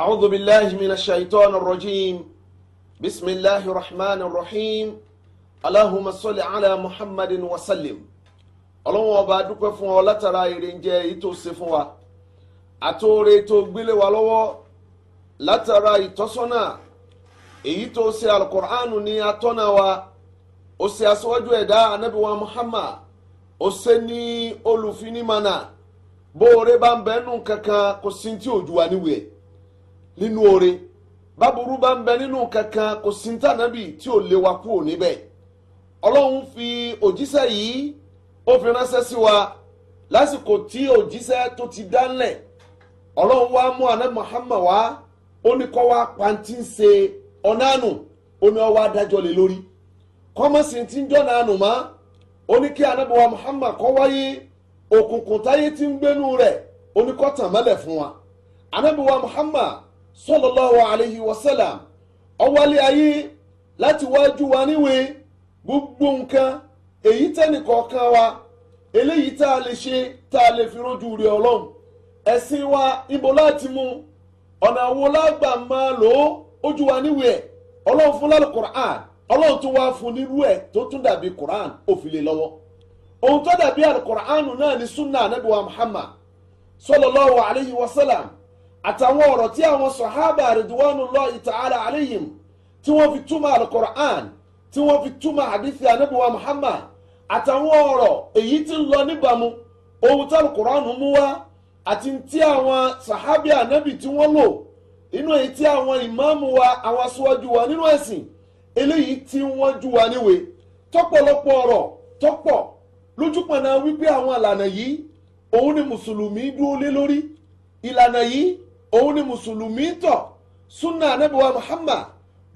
أعوذ بالله من الشيطان الرجيم بسم الله الرحمن الرحيم اللهم صل على محمد وسلم ọlọ́wọ́n ọba dúpẹ́ fún ọ látara ìrìnjẹ èyí tó ṣe fún wa àtòrè tó gbélé wa lọ́wọ́ látara ìtọ́sọ́nà èyí tó ṣe alukur'anu ní atọ́nà wa ó ṣe aṣáájú ẹ̀dá anábìwá muhammad ó ṣe ní olùfinimánà bóore bá ń bẹ́ẹ̀ kankan kò sí ti òjò wa níwèé. nínú ore báburú bá ń bẹ nínú kankan kò sí ti nábì tí ò wa kúrò níbẹ̀ ọlọ́run fi òjíṣẹ́ yìí ó fi ránṣẹ́ wa lásìkò tí tó ti dánlẹ̀ ọlọ́run wa mú àná Muhammad wá ó ní wa pàǹtí ń ṣe ọ̀nàánù ó ní ọwọ́ adájọ́ lé lórí kọ́mọ̀sì ti ń dọ́nà àánú mọ́ ó ní kí anábọ̀wá Muhammad kọ́ wáyé òkùnkùn fún wa Muhammad sallallahu alayhi wa sallam ọwọ́lé ayé láti wájú wa níwèé gbogbo nǹkan èyí tẹ́nìkọ̀ọ̀kan wa eléyìí tá a lè ṣe tá a lè wa ibo láti mú ọ̀nà àwọn lágbà máa lò ó ojú wa níwèé ẹ̀ ọlọ́run fún lálẹ́ Qur'an ọlọ́run tún wá fún nírú ẹ̀ tó tún dàbí Qur'an ó lọ́wọ́ ohun tó dàbí alayhi wa sallam àtàwọn ọ̀rọ̀ tí àwọn sọ̀hábà ridwanullahi ta'ala alayhim tí wọ́n fi túmọ̀ alukur'an tí wọ́n fi túmọ̀ hadithi anabiwa muhammad àtàwọn ọ̀rọ̀ èyí tí ń lọ níbàámu ohun tí alukur'an mú wá àti tí àwọn sàhábì anabi tí wọ́n lò inú èyí tí àwọn ìmáàmù wa àwọn aṣáájú wa nínú ẹ̀sìn eléyìí tí wọ́n ju wa níwèé tọ́pọ̀lọpọ̀ ọ̀rọ̀ tọ́pọ̀ lójúpọ̀nà wípé àwọn ìlànà yìí òun ni mùsùlùmí dúró lé lórí ìlànà yìí òun ni mùsùlùmí tọ̀ sunna anabiwa muhammad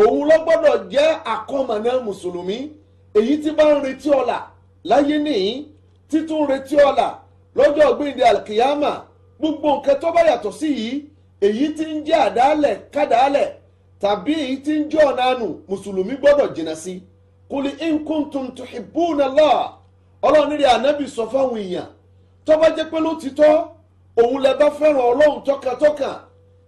òun ló gbọ́dọ̀ jẹ́ àkọ́mọ̀nà mùsùlùmí èyí tí bá ń retí ọ̀la láyé nìyí títún retí ọ̀la lọ́jọ́ gbìndé alkiyama gbogbo nǹkan tó bá yàtọ̀ sí yìí èyí tí ń jẹ́ àdáálẹ̀ kádàálẹ̀ tàbí èyí tí ń jẹ́ ọ̀nà àánú mùsùlùmí jìnnà sí kuli in kuntum tuhibbuna Allah ọlọ́run rí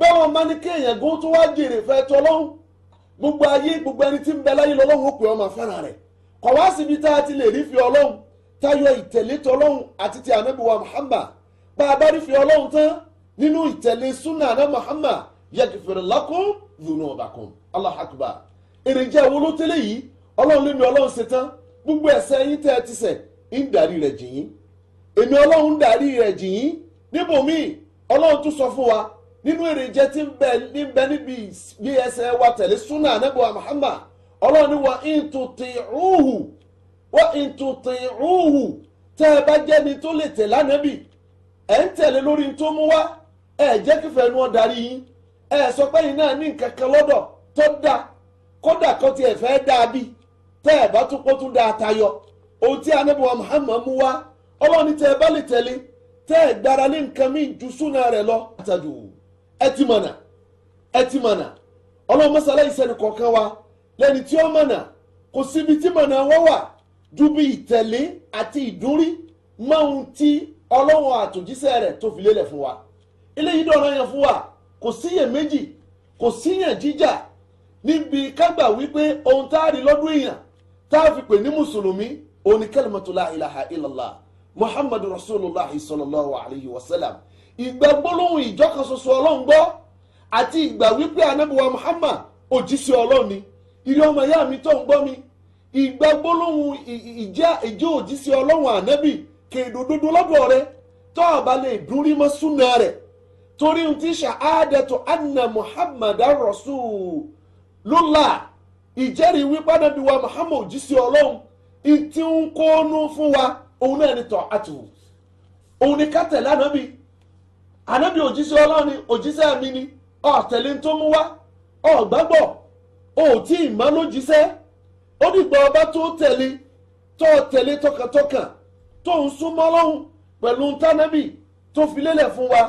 báwọn máa ní kéèyàn gan tó wá jèrè fẹ́ tọ́ lọ́hùn gbogbo ayé gbogbo ẹni tí ń bẹ láyé lọ́lọ́hùn ó pè ọmọ fẹ́ràn rẹ̀ kọ̀ wá síbi tá a ti lè rí fi ọlọ́hùn táyọ ìtẹ̀lé tọ́lọ́hùn àti ti ànábìwá Muhammad bá a bá rí fi ọlọ́hùn tán nínú ìtẹ̀lé súnà àná Muhammad yẹkìfèrè lakum dhunubakum Allah akbar èròjà wo ló tẹ́lẹ̀ yìí ọlọ́run lé mi ọlọ́run ṣe tán gbogbo ẹ̀ṣẹ̀ yín tẹ́ ẹ ti ṣẹ̀ ń darí rẹ̀ jìn èmi ọlọ́run darí rẹ̀ jìn níbòmíì ọlọ́run tún sọ fún wa nínú èrèjẹ tí ń bẹ níbẹ̀ níbi bí ẹsẹ̀ wa tẹ̀lé súnà anábọ̀ Muhammad ọlọ́ọ̀ni wa ìtùtìrúhù wa ìtùtìrúhù tẹ́ ẹ bá jẹ́ ni tó lè tẹ̀lé ànábì ẹ̀ ń tẹ̀lé lórí tó mú wá ẹ̀ jẹ́ kífẹ́ nu ọ̀darí yín ẹ̀ sọ pé yìí náà ní nǹkan kan lọ́dọ̀ tó da kódà kan tiẹ̀ fẹ́ dáa bí tẹ́ ẹ bá tún kó tún dáa tayọ ohun tí anábọ̀ Muhammad mú wá ọlọ́ọ̀ni tẹ́ ẹ bá lè tẹ̀lé tẹ́ ẹ gbára lé nǹkan míì ju súnà rẹ̀ lọ ẹ ti mọ̀nà ẹ ti mọ̀nà ọlọ́run mọ́sálá ìsẹ́ni kọ̀ọ̀kan wa lẹ́ni tí ó mọ̀nà kò síbi tí mọ̀nà wọ́n wà ju bí ìtẹ̀lé àti ìdúrí máhùn tí ọlọ́run àtòjíṣẹ́ rẹ̀ tó fi lélẹ̀ fún wa eléyìí dọ̀rọ̀ yẹn fún wa kò síyèméjì kò síyàn jíjà níbi kágbà wípé ohun tá a rí lọ́dún èèyàn tá a fi pè ní mùsùlùmí òní kalimatu la ilaha muhammadu rasulillah sallallahu alayhi wa sallam ìgbà gbólóhùn ìjọ kan ṣoṣo ọlọ́run gbọ́ àti ìgbà wípé anábìwá Muhammad òjíṣẹ́ ọlọ́run ni ilé ọmọ ìyá mi tó ń gbọ́ mi ìgbà gbólóhùn ìjẹ́ òjíṣẹ́ ọlọ́run ànábì kèdò dodo lọ́dọ̀ rẹ tó àbá lè dúrí mọ́ súnà rẹ̀ torí ohun tí ṣàádẹ́tò anna Muhammad rasulullah ìjẹ́rìí wípé anábìwá Muhammad òjíṣẹ́ ọlọ́run ìtì ń kónú fún wa òun náà ni tọ́ àtìwò òun ni ká tẹ̀lé ànábì ànábì òjíṣẹ́ ọlọ́run ni òjíṣẹ́ mi ni ọ̀tẹ̀lé tó mú wá ọ̀gbàgbọ́ ò tí ì mọ́ lójíṣẹ́ ó dìgbà ọba tó tẹ̀lé tó tẹ̀lé tọkàntọkàn tó ń súnmọ́ ọlọ́run pẹ̀lú tánẹ́bì tó fi lélẹ̀ fún wa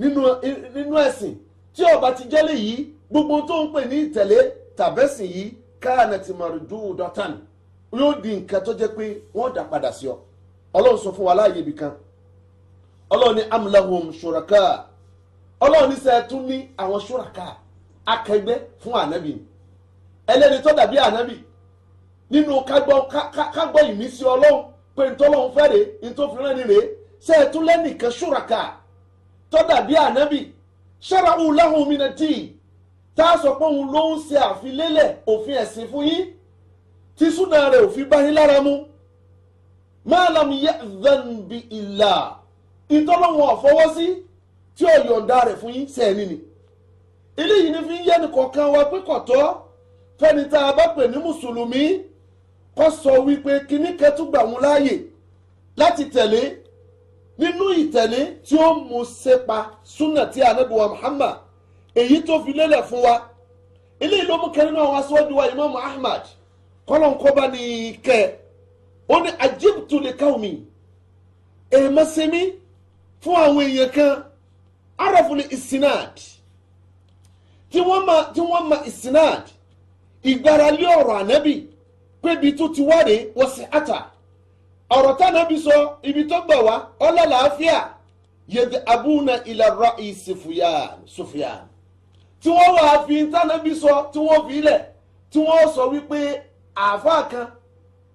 nínú ẹ̀sìn tí ọba ti jẹ́lẹ̀ yìí gbogbo tó ń pè ní ìtẹ̀lé tàbẹ́sìn yìí káànà ti mọ̀ rìndú dọ́tàn yóò di nǹkan tó jẹ́ pé wọ́n dà padà sí ọ ọlọ́run sọ fún wa láàyè ibìkan ọlọ́run ní amúláhùn ṣùràká ọlọ́run ní sẹ́ẹ̀ tún ní àwọn ṣùràká akẹgbẹ́ fún ànábì ẹlẹ́ni tó dàbí ànábì nínú kágbọ́ ìmísí ọlọ́run pé ntọ́lọ́run fẹ́ rèé ntọ́fìrán ni rèé sẹ́ẹ̀ tún lẹ́nìkan ṣùràká tó dàbí ànábì ṣẹ́ràhùn láhùn mi náà tíì tá a sọ pé òun ló ń ṣe àfilélẹ̀ òfin ẹ̀sìn fún yín tí súnà rẹ̀ òfin bá yín lára mu máa lam ya'dhan bi illah ìtọ́lọ́wọ̀n ọ̀fọwọ́ sí tí ò yọ̀ǹda rẹ̀ fún yín sẹ́ẹ̀ni ni ilé yìí ni fi ń yé nìkọ̀ọ̀kan wa pé kọ̀tọ́ fẹ́ni tá a bá pè ní mùsùlùmí kọ́ sọ wípé kíní kẹtùgbà wọn láàyè láti tẹ̀lé nínú ìtẹ̀lé tí ó mú sepa súnà tí ànábì Muhammad èyí tó fi lélẹ̀ fún wa ilé ló mú kẹrin náà wá síwájú wa Imam Ahmad kọ́lọ́nkọ́ba ní kẹ́ ó ní ajibtu li kaumi èèmọ̀ sẹ́mi fún àwọn èèyàn kan arafuli isinad tí wọ́n ma tí wọ́n ma isinad ìgbáralé ọ̀rọ̀ ànábì pébi tó ti wáre wọ́n sì àtà ọ̀rọ̀ tánábì sọ ibi tó gbà wá ọlá làáfíà yẹdi abúna ilà ra'i sufiyan sufiyan tí wọ́n wà á fi tánábì sọ tí wọ́n fi ilẹ̀ tí wọ́n sọ wípé àáfàá kan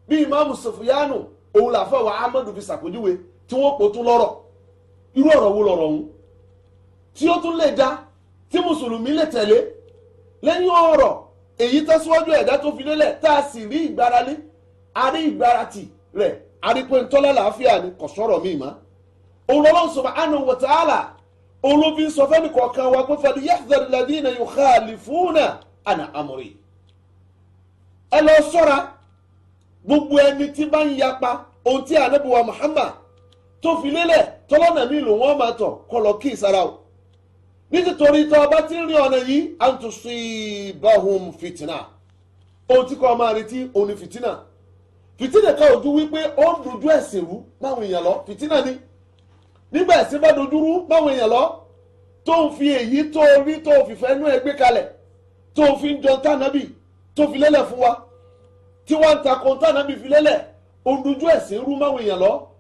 bíi imaamu sufiyanu òun làáfàá wa amadu fi sàkójúwe tí wọ́n pò tún lọ́rọ̀ irú ọ̀rọ̀ wo lọ̀rọ̀ ọ̀hún tí ó tún lè dá tí mùsùlùmí lè tẹ̀lé lẹ́yìn ọ̀rọ̀ èyí tẹ̀síwájú ẹ̀dá tó fi lélẹ̀ tá a sì rí ìgbáralé àrí ìgbáratì rẹ̀ àrípé làáfíà ni kò sọ̀rọ̀ míì má òun lọ́wọ́ subhanahu wa ta'ala òun ló fi ń sọ fẹ́mi kọ̀ọ̀kan wa pé falyahdhar alladhina yukhalifuna an amri ẹ lọ sọ́ra gbogbo ẹni tí bá ń yapa ohun tí ànábì wa Muhammad tó fi lélẹ̀ tọ́lọ́nà mi lò wọ́n máa tọ̀ kọ́ lọ kí ìsara o nítorí tó ọba ti ń rí ọ̀nà yìí àǹtòsí báhùn fìtínà ohun tí kò máa retí òun ni fìtínà fìtínà ká ojú wípé ó ń dojú ẹ̀sìn rú báwọn èèyàn lọ fìtínà ni nígbà ẹ̀sìn bá dojú rú báwọn èèyàn lọ tó ń fi èyí tó rí tó fìfẹ́ nú ẹgbẹ́ kalẹ̀ tó fi ń jọ tànàbì tó fi lélẹ̀ fún wa tí wọ́n ń ta tànàbì fi lélẹ̀ òun dojú ẹ̀sìn rú báwọn èèyàn lọ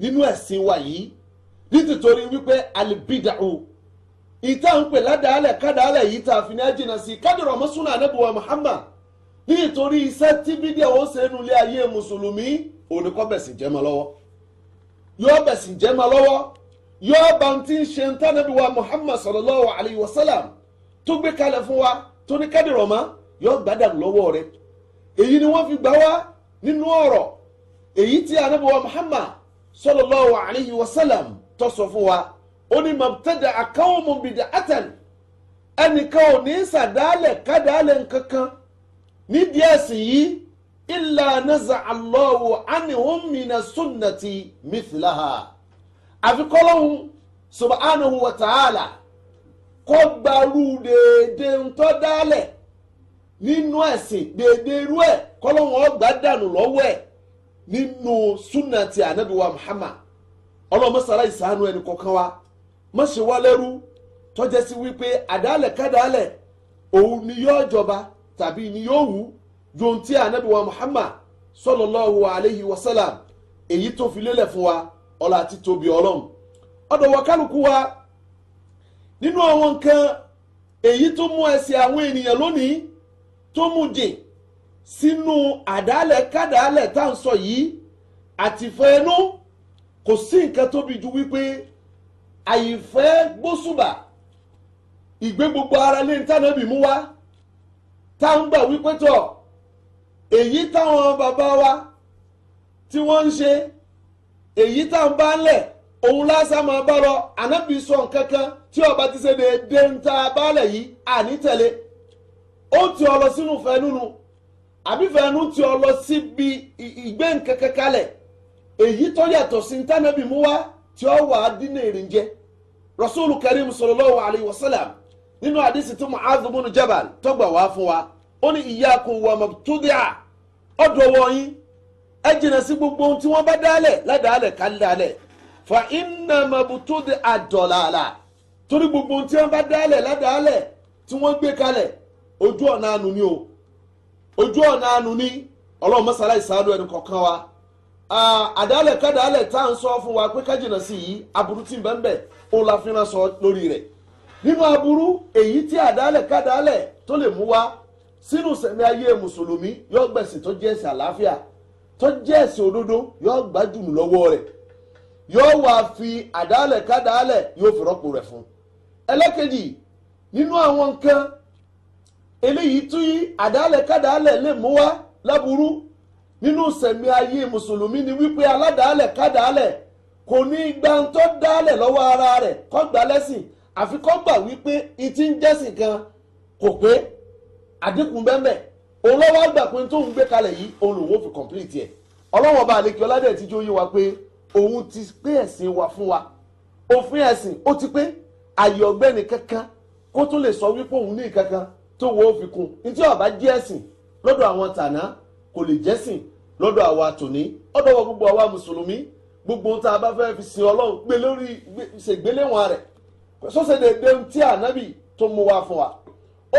nínú ẹ̀sìn wa yìí nítorí wípé alibida'u ìta ń pè ládàálẹ̀ kádàálẹ̀ yìí tá a fi ní ẹ̀jìnà sí kádìrọ̀ mọ́súnà anábùwà Muhammad nítorí iṣẹ́ tí fídíò ó ṣe nulẹ̀ ayé mùsùlùmí òníkọ́ bẹ̀sìn jẹ́ mọ́ lọ́wọ́ yóò bẹ̀sìn jẹ́ mọ́ lọ́wọ́ yóò bá ń ti ń ṣe ń tánàbíwá Muhammad sallallahu alayhi wa sallam tó gbé kalẹ̀ fún wa tó ní kádìrọ̀ mọ́ yóò gbádàn lọ́wọ́ rẹ̀ èyí ni wọ́n fi gbà wá nínú ọ̀rọ̀ èyí tí anábíwá Muhammad sallallahu alayhi wa sallam tó sọ fún wa ó ní mọ̀tẹ́dà àkáwọ̀mọ̀ bìdà àtẹn ẹnìkan ò ní sàdálẹ̀ kádàálẹ̀ nkankan nídìí ẹ̀sìn yìí illa naza Allahu anhum mina sunnati mithlaha àfikọ́lọ́hún subhanahu wa ta'ala kọ́ gbarú déédéé ńtọ́ dálẹ̀ nínú ẹ̀sìn déédéé irú ẹ̀ kọ́lọ́hún ọgbà dànù lọ́wọ́ ẹ̀. ninu súnà ti ànábì Muhammad ọlọ́run mọ́sára ìsànú ẹni kọ̀ọ̀kan wa má ṣe wá lẹ́rú tọ́jẹ́ sí wípé àdálẹ̀ kádàálẹ̀ òun ni yóò jọba tàbí ni yóò wa Muhammad sallallahu alayhi wa sallam èyí tó fi lélẹ̀ fún wa ọlá àti tóbi ọlọ́run ọ̀dọ̀ wa kálukú wa nínú àwọn nǹkan èyí tó mú àwọn ènìyàn lónìí tó mú jìn sínú àdálẹ̀ kádàálẹ̀ tá à ń sọ yìí àtìfẹ́ ẹnu kò sí nǹkan tóbi ju wípé àyìnfẹ́ gbósùbà ìgbé gbogbo ara lé ntánàbì mú wá tá à ń gbà wípé tọ̀ èyí táwọn bàbá wa tí wọ́n ń ṣe èyí tá à ń bá ń lẹ̀ òun lásán máa bá lọ ànábì sọ nǹkan kan tí ọba ti ṣe déédéé ń ta abálẹ̀ yìí àní ó ti ọ lọ sínú fẹ́ nínú. àbífẹ́nu ti ọ lọ síbi igbe nǹkan kankanlẹ̀ eyi to yato si ntánàbí mú ti o wa wà na dínà rasulu karim sallallahu alayhi wa ninu nínú àdísì tí bin jabal to gbà wá fún wa ó ní iyyakum wa mabtudi'a ọ̀dọ̀ wọ̀nyí ẹ jìnnà gbogbo ohun tí wọ́n bá dálẹ̀ fa inna mabtudi'a dalala ojú ọ̀nà àánú ní ọlọ́run mọ́sálá ìsàánú ẹnu kọ̀ọ̀kan wa àdálẹ̀ kádàálẹ̀ tá à ń sọ fún wa pé kájìnà sí yìí aburú tí ń bẹ́ẹ̀ bẹ́ẹ̀ òun la fi ràn sọ lórí rẹ̀ nínú aburú èyí tí àdálẹ̀ tó lè mú wa sínú sẹ̀mí ayé mùsùlùmí yóò tó jẹ́ ẹ̀sìn òdodo yóò gbájú lọ́wọ́ rẹ̀ yóò wá fi àdálẹ̀ yóò fi rọ́pò rẹ̀ fún nínú àwọn eléyìí tún yí àdálẹ̀kádàálẹ̀ lè mú wá láburú nínú sẹ̀mí ayé mùsùlùmí ni wípé aládàálẹ̀kádàálẹ̀ kò ní gbàǹtọ́ dálẹ̀ lọ́wọ́ ara rẹ̀ kó gbà lẹ́sìn àfi kó gbà wípé ìtí ń jẹ́sìn kan kò pé àdínkù bẹ́ẹ̀ òun lọ́wọ́ àgbà pé tó ń gbé kalẹ̀ yìí òun lòun ò fi complete ẹ̀ ọlọ́wọ́n bá àlekí ọládẹ̀ tíjú ó yé wa pé òun ti pé ẹ̀sìn wa fún wa òfin ẹ̀sìn ó ti pé àyè ọ̀gbẹ́ni kankan kó tún lè sọ wípé òun ní ìkankan tó wo ó fi kún ntí ọba jẹ́ ẹ̀sìn lọ́dọ̀ àwọn tàná kò lè jẹ́sìn lọ́dọ̀ àwa tòní ọ̀dọ̀wọ̀ gbogbo àwa mùsùlùmí gbogbo ohun tá a bá fẹ́ fi sin ọlọ́run gbé lórí ṣègbéléwọ̀n rẹ̀ sọ́sẹ̀ déédé tí ànábì tó mú wá fún wa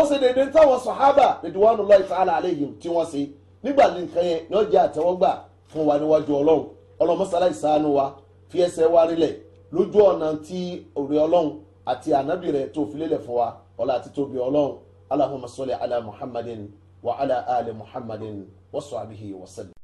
ó ṣe déédé táwọn sàhábà rẹ̀díwánu lọ́ọ̀ ìfàhálà àlẹ́yìn tí wọ́n ṣe nígbà nìkan yẹn ni ó jẹ́ àtẹ́wọ́gbà fún wa níwájú ọlọ́run ọlọ́mọsálá ìsàánú wa fi ẹsẹ̀ wa rílẹ̀ lójú ọ̀nà tí òrè ọlọ́run àti ànábì rẹ̀ tó fi lélẹ̀ fún wa ọlá àti tóbi ọlọ́run اللهم صل على محمد وعلى آل محمد وصحبه وسلم